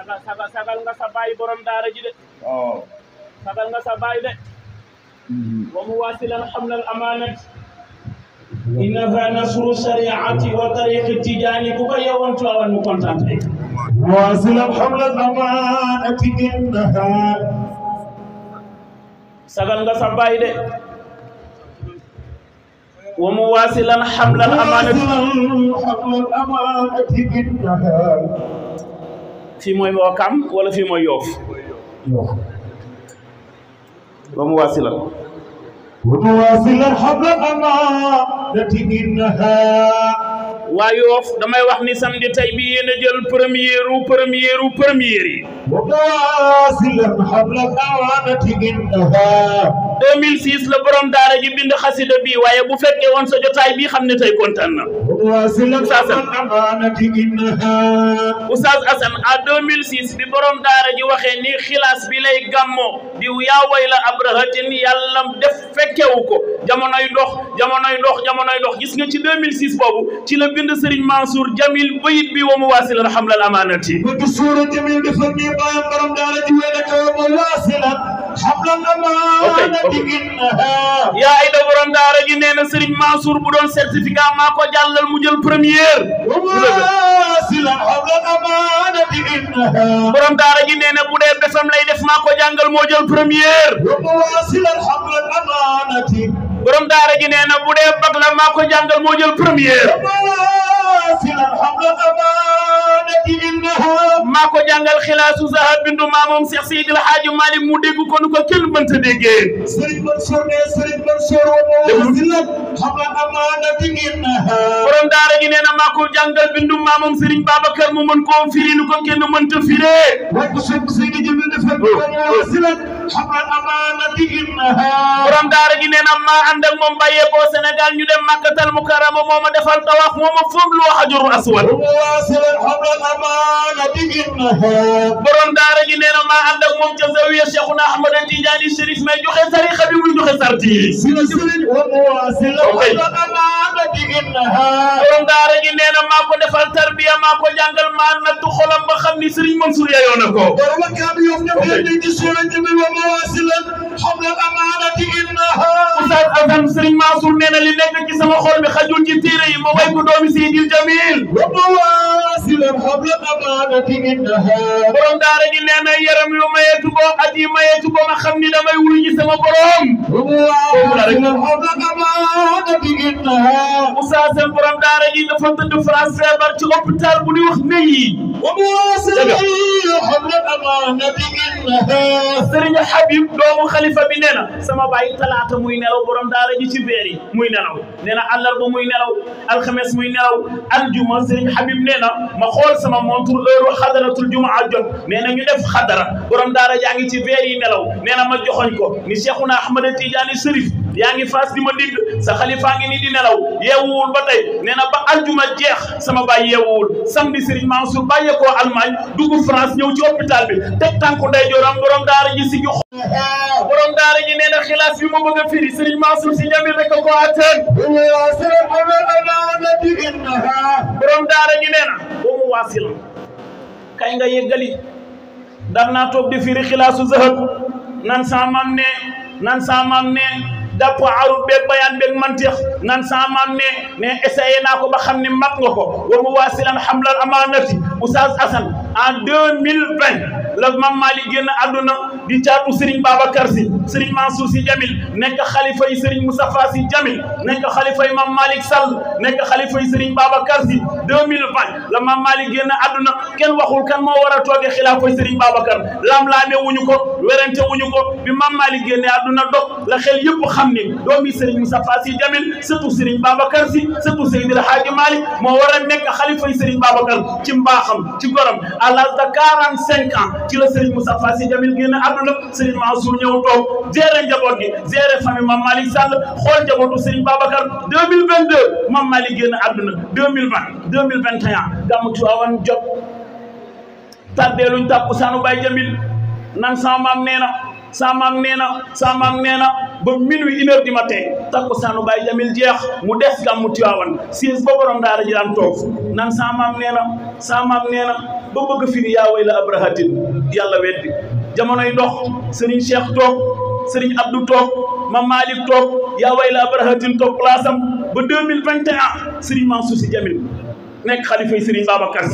sagal sagal sagal nga sa baay borom daara ji de waaw oh. sagal mm-hmm. nga sa baay de wa mu waasilan xamlal amaanati innaka nasru shariati wa tariqi tijaani ku ko yewoon tuwaawan mu kontaan tey waasilan xamlal amaanati innaka sagal nga sa baay de wa mu waasilan xamlal amaanati fii mooy Wakaam wala fii mooy Yoof ba mu waasila waa Yoof damay wax ni samedi tey bi yéen a jël première u première u première yi. deux mille six la borom daara ji bind xasida bi waaye bu fekkee woon sa jotaay bi xam ne tey kontaan na. وصلة الأمانة إنها Oustaz Assane à 2006 bi borom daara ji waxee ni xilaas bi lay gàmmoo diw yaa way la abrahatin yàlla def fekkewu ko jamonoy ndox jamonoy ndox jamonoy ndox gis nga ci 2006 boobu ci la bind Serigne Mansour Jamil bayit bi wa mu waasilan xamlal amaanati. bu du suura Jamil dafa nii bàyyam borom daara ji way la ko wa mu waasilan yaa ay da borom daara gi nee na Serigne Mansour bu doon certificat maa ko jàllal mu jël première. borom daara gi nee na bu dee besam lay def maa ko jàngal moo jël première. borom daara gi nee na bu dee bag la maa ko jàngal moo jël première. maa ko jàngal xilaasu zahab bindu maamoom Cheikh Seydil Hadji Malick mu dégg ko nu ko kenn mënta déggee Serigne Mansour ne Serigne Mansour wa silat xama amaanati innaha borom mu mën firi nu ko kenn mënta firee wa oh, ko Cheikh Seydil Hadji borom daara gi nee na ma ànd ak moom bàyyeekoo Sénégal ñu dem Makkatal Mukarrama moo ma defal tawaaf moo ma foog lu hajarul aswad borom daara gi nee na ma ànd ak moom ca zawiya Cheikhuna Ahmad Tidiane Chérif may joxe tarixa bi muy joxe sarti borom daara gi nee na maa ko defal tarbiya maa ko jàngal maa nattu xolam ba xam ni Serigne Mansour yayoo na ko الله عليه وسلم حول الأمانة إنها Oustaz Assane Serigne Mansour nee na li nekk ci sama xol bi xajul ci téere yi ma way ko doomi Seydil Jamil وواصلا حول الأمانة إنها borom daara gi nee na yaram yu mayeetu ko at yi mayeetu ko ma xam ni damay wuyu ji sama borom وواصلا حول الأمانة إنها Oustaz Assane borom daara gi dafa tëdd France feebar ci hôpital bu ñuy wax Neuilly sëriñ Habib doomu xalifa bi nee na sama bàyyi talaata muy nelaw borom daara ji ci veer yi muy nelaw nee na àllarba muy nelaw alxames muy nelaw aljuma sëriñ Habib nee na ma xool sama montre heure xadaratul jumaa jot nee na ñu def xadara borom daara jaa ngi ci veer yi nelaw nee na ma joxoñ ko ni Cheikhuna Ahmada Tidiane Sërif yaa ngi faas di ma digg sa xalifaa ngi nii di nelaw yeewuwul ba tey nee na ba aljuma jeex sama baay yeewuwul samedi Serigne Mansour bàyyeekoo Allemagne dugg France ñëw hôpital bi teg tànku ndeyjooram borom daara ji eh, daara ji na xilaas bi ma si njamil rek daara ji nee na boo mu waasil kay nga yeggali daan naa toog di firi xilaasu zahab nan saa maam ne nan saa dàpp arut beeg bayaan beeg mantiq nan sa maam ne ne essayé naa ko ba xam ne mat nga ko wa mu waasilan xamlal amaanati Oustaz Assane en deux mil vingt la mam Malick génn àdduna di caatu Serigne Babacar si Serigne Mansour si Jamil nekk xalifa yi Serigne Moustapha si Jamil nekk xalifa yi mam Malick Sall nekk xalifa yi Serigne Babacar si 2020 la mam Malick génn àdduna kenn waxul kan moo war a toogee xilaafa yi Serigne Babacar lam laame wuñu ko werante wuñu ko bi mam Malick génne àdduna dog la xel yëpp xam ni doomi Serigne Moustapha si Jamil surtout Serigne Babacar si surtout Serigne El Hadji Malick moo war a nekk xalifa yi Serigne Babacar ci mbaaxam ci gorom à l'âge de 45 ans ci la Serigne Moustapha Sy Jamil génn àdduna Serigne Mansour ñëw toog gérer njaboot gi gérer famille Mame Malick Sall xool njabootu Serigne Babacar 2022 Mame Malick génn àdduna 2020 2021 gàmmu Tiwaawan jot tàddeeluñ tàkkusaanu Baye Jamil nan sama maam nee sa maam nee na sa maam nee na ba minuit une heure du matin takkusaanu Baye Jamil jeex mu des gàmmu Tiwaawan siis ba borom daara ji toog nan sa maam nee na sa maam nee na ba bëgg firi yaa way la abrahatin yàlla weddi jamonoy dox Serigne Cheikh toog Serigne Abdou toog Mame Malick toog yaa way la abrahatin toog place ba deux mille vingt et un Serigne Mansour Jamil nekk xalifa yi Serigne Babacar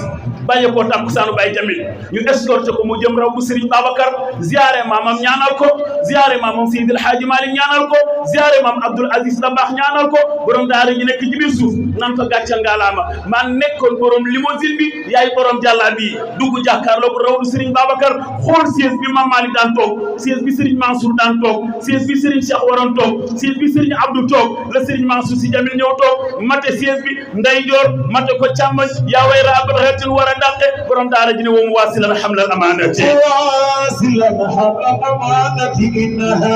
si a ko tàkkusaanu Baye Jamil ñu escorté ko mu jëm raw bu Serigne Babacar ziyaare maamam ñaanal ko ziyaare maamam Seydi El Hadji Malick ñaanal ko ziyaare maam Abdoul Aziz Dabakh ñaanal ko borom daara ñi nekk ci biir suuf nan ko gàcca ngaalaama maa nekkoon borom limousine bi yaay borom jàllaa bi dugg jàkkaarloo bu raw bu Serigne Babacar xool siège bi maam bi Serigne Mansour daan toog siège bi bi Serigne Abdou toog la toog mate siège bi ndeyjoor mate càmmoñ yaa way raa abrahatin war a dàqe borom daara ji ne woom waasilan xamlal amaanati waasilan xamlal amaanati innaha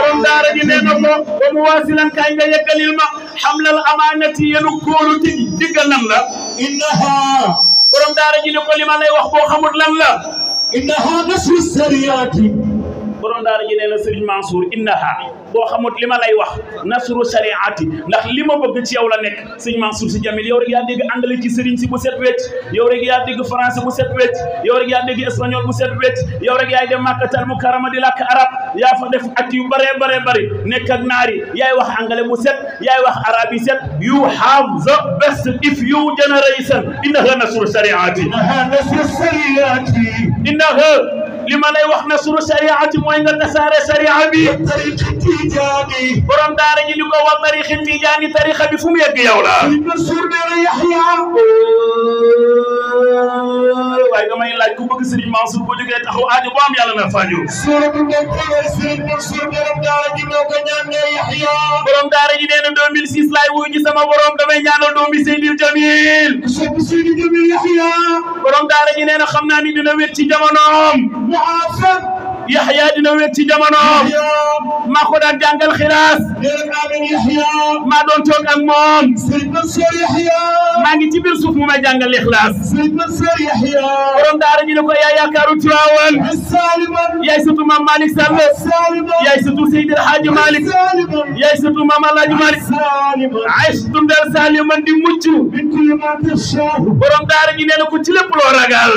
borom daara ji nee na ko woom waasilan kaay nga yeggalil ma xamlal amaanati yenu kóolu ti diggal nan la innaha borom daara ji ne ko li ma lay wax boo xamul lan la innaha nasru sariyaati borom daara ji nee na Serigne Mansour innaha boo xamut li ma lay wax nasru shariati ndax li ma bëgg ci la nekk Serigne Mansour si Jamil yow rek yaa dégg anglais ci si bu set wecc yow rek yaa dégg français bu set wecc yow rek yaa dégg espagnol bu set wecc yow rek yaay dem màkkatal mu karama di làkk arab yaa fa at yu bare bare bëri nekk ak naari yaay wax anglais bu set yaay wax arab set you have the best if you generation innaha nasru shariati innaha li ma lay wax na sunu sariyaati mooy nga tasaare sariya bi tariqi tijaani borom daara ji li ko wax tariqi tijaani tariqa bi fu mu yegg yow la waaye damay laaj ku bëgg Serigne Mansour bu jógee taxaw a bu am yàlla na fajo suura bu ngeen xamee Serigne Mansour borom daara ji moo ko ñaan ne Yaxya borom daara ji nee na 2006 laay wuyu ji sama borom damay ñaanal doomi Seydil Jamil sopp Seydi Jamil Yaxya borom daara ji nee na xam naa ni yaxya dina wéet ci jamonoom maa ko daan jàngal xilaas maa doon toog ak moom maa ngi ci biir suuf mu may jàngal xilaas borom daara ñu ne ko yaay yaakaaru Tiwaawan yaay surtout maam Malick Sall yaay surtout Seydil Hadji Malick yaay surtout maam El Hadj Malick ay surtout Ndel Salim man di mucc borom daara gi nee na ko ci lépp loo ragal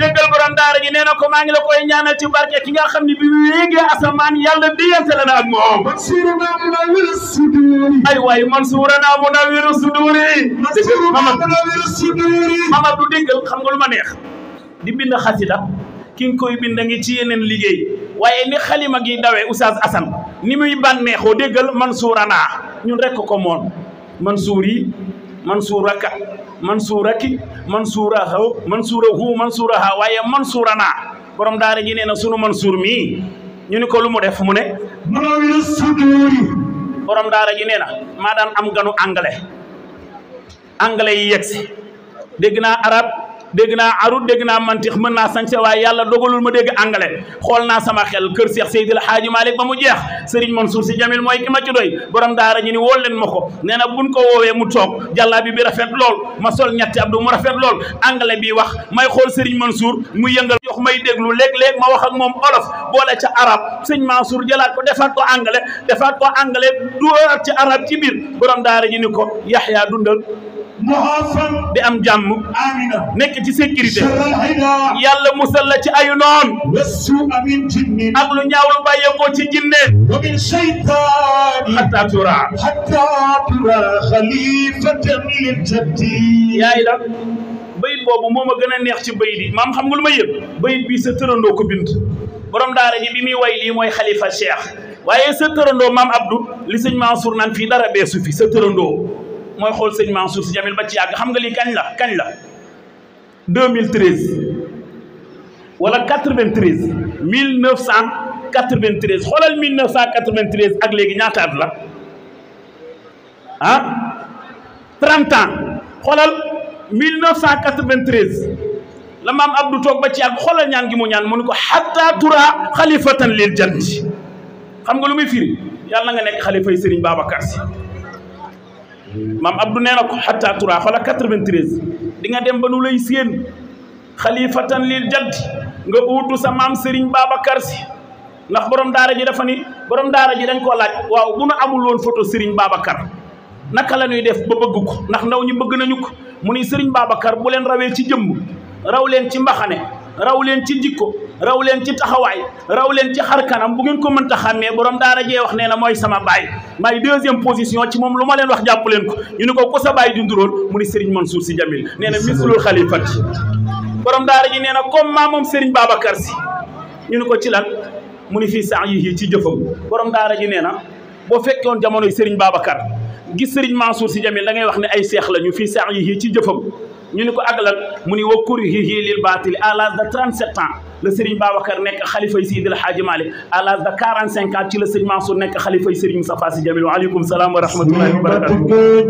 déggal borom daara gi nee na ko maa ngi la koy ñaanal ci barke ki nga xam ne bi wéegee asamaan yàlla déyante la na ak moom ay waay Mansour ana munawiru suduri mama du déggal xam nga lu ma neex di bind xasida ki nga koy bind ngi ci yeneen liggéey waaye ni xalima gi dawee Oustaz Assane ni muy bànneexoo déggal Mansour ana ñun rekk ko moon Mansour yi Mansour aka Mansour aki man aho Mansour ahu Mansour aha waaye Mansour ana borom daara ji nee na man suur mii ñu ni ko lu mu def mu ne maawila suduuri borom daara ji nee na maa daan am ganu anglais anglais yi yegsi dégg naa arab dégg naa arut dégg naa mantix mën naa sañse waaye yàlla dogalul ma dégg anglais xool naa sama xel kër Seex a Seydil maa Malick ba mu jeex Serigne Mansour si Jamil mooy ki ma ci doy borom daara ñu ni wool leen ma ko nee na buñ ko woowee mu toog jàllaa bi bi rafet lool ma sol ñetti abdu mu rafet lool anglais bi wax may xool Serigne Mansour mu yëngal jox may déglu léeg-léeg ma wax ak moom olof boole ca arab sëñ Mansour jëlaat ko defaat ko anglais defaat ko anglais duwaat ci arab ci biir borom daara ñu ni ko Yaxya dundal di am jàmm nekk ci sécurité yàlla musal la ci ayu noon ak lu ñaaw lu bàyyeekoo ci jinne hatta tura khalifatan lil jaddi yaa ila bayit boobu moo ma gën a neex ci bayit yi maam xam nga lu ma yëg bayit bii sa tërandoo ko bind borom daara ji bi muy way lii mooy xalifa cheikh waaye sa tërandoo maam abdou li sëñ Mansour naan fii dara beesu fi sa tërandoo mooy xool sëñ Mansour si Jamil ba ci xam nga lii kañ la kañ la 2013 wala 93 1993 xoolal 1993 ak léegi ñaata at la ah 30 ans xoolal 1993 la maam Abdou toog ba ci yàgg xoolal ñaan gi mu ñaan mu ne ko xatta tura xalifatan lil janti xam nga lu muy firi yàlla nga nekk xalifa yi Serigne Babacar Sy maam Abdou nee na ko xatta tura xoola 93 di nga dem ba nu lay séen xalifatan lil jadd nga uutu sa maam Serigne Babacar si ndax borom daara ji dafa ni borom daara ji dañ koo laaj waaw bu nu amul woon photo Serigne Babacar naka la ñuy def ba bëgg ndax ndaw ñi bëgg nañu ko mu ni Serigne Babacar bu leen rawee ci jëmm raw leen ci mbaxane raw leen ci jikko raw leen ci taxawaay raw leen ci xar kanam bu ngeen ko mënta xàmmee borom daara jee wax nee na mooy sama baay maay deuxième position ci moom lu ma leen wax jàpp leen ko ñu ne ko ku sa baay dunduroon mu ni Serigne Mansour Sy Djamil nee na mislul xalifati borom daara ji nee na comme maa moom Serigne Babacar si ñu ne ko ci lan mu ni fii sax yi ci jëfam borom daara ji nee na boo fekkoon jamonoy Serigne Babacar gis Serigne Mansour Sy Djamil da ngay wax ne ay seex la ñu fii sax yi ci jëfam ñu ne ko ak lan mu ni wa kur yi lil baatil à l'âge de 37 ans. le Serigne Babacar nek khalifa xalifay al Hadji malik à l'âge de 45 ans ci le Serigne Mansour nek khalifa Serigne safa si jamil wa waaleykum salam wa rahmatullahi wa barakatuh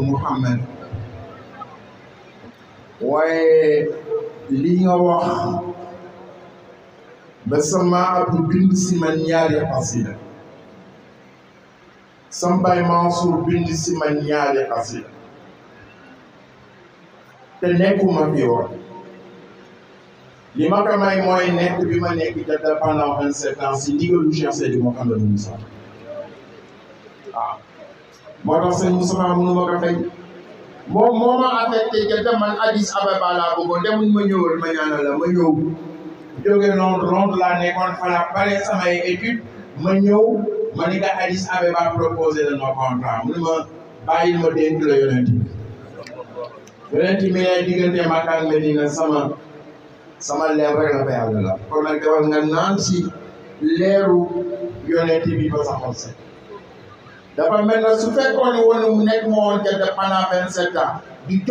محمد ba samaatu bind si man ñaari xasida sam baay Mansour bind si man ñaari xasida te nekkuma fi woon li ma ko mooy nekk bi ma nekk Jadda pendant vingt sept ans si ndigalu Cheikh Seydou Mouhamadou Moussa waaw ah. moo tax sëñ Moussa mënu ma ko fay moom moo ma affecté Jadda man Addis Ababa laa bëggoon demuñ ma ñëwal ma ñaanal la ma ñëw jóge noonu Londres laa nekkoon fa la pare samay étude ma ñëw ma ni nga Addis Abeba proposé la ma contrat mu ne ma bàyyil ma dénk la yonent bi yonent bi ne diggante sama sama leer rek la la kon nag dawal nga naan si leeru yonent bi ba sa xol dafa mel na su fekkoon mu nekk moo woon jënd pendant vingt sept ans di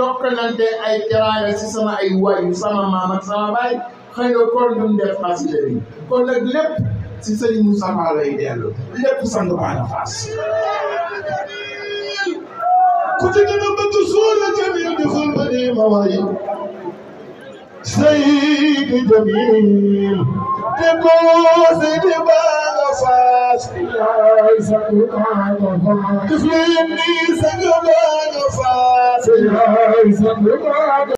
ay teraanga si sama ay waayu sama maam sama baay xëy na lu mu def Fass njëriñ kon nag lay dellu lépp sang baana a bëgg suur la ba nii ma waay. Seydi Jamil te boo Seydi Baana Fass. yaay sang baana Fass. def leen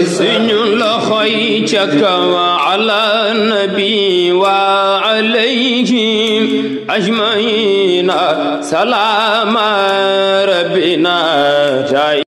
سن لخيتك وعلى النبي وعليهم أجمعين سلام ربنا جاي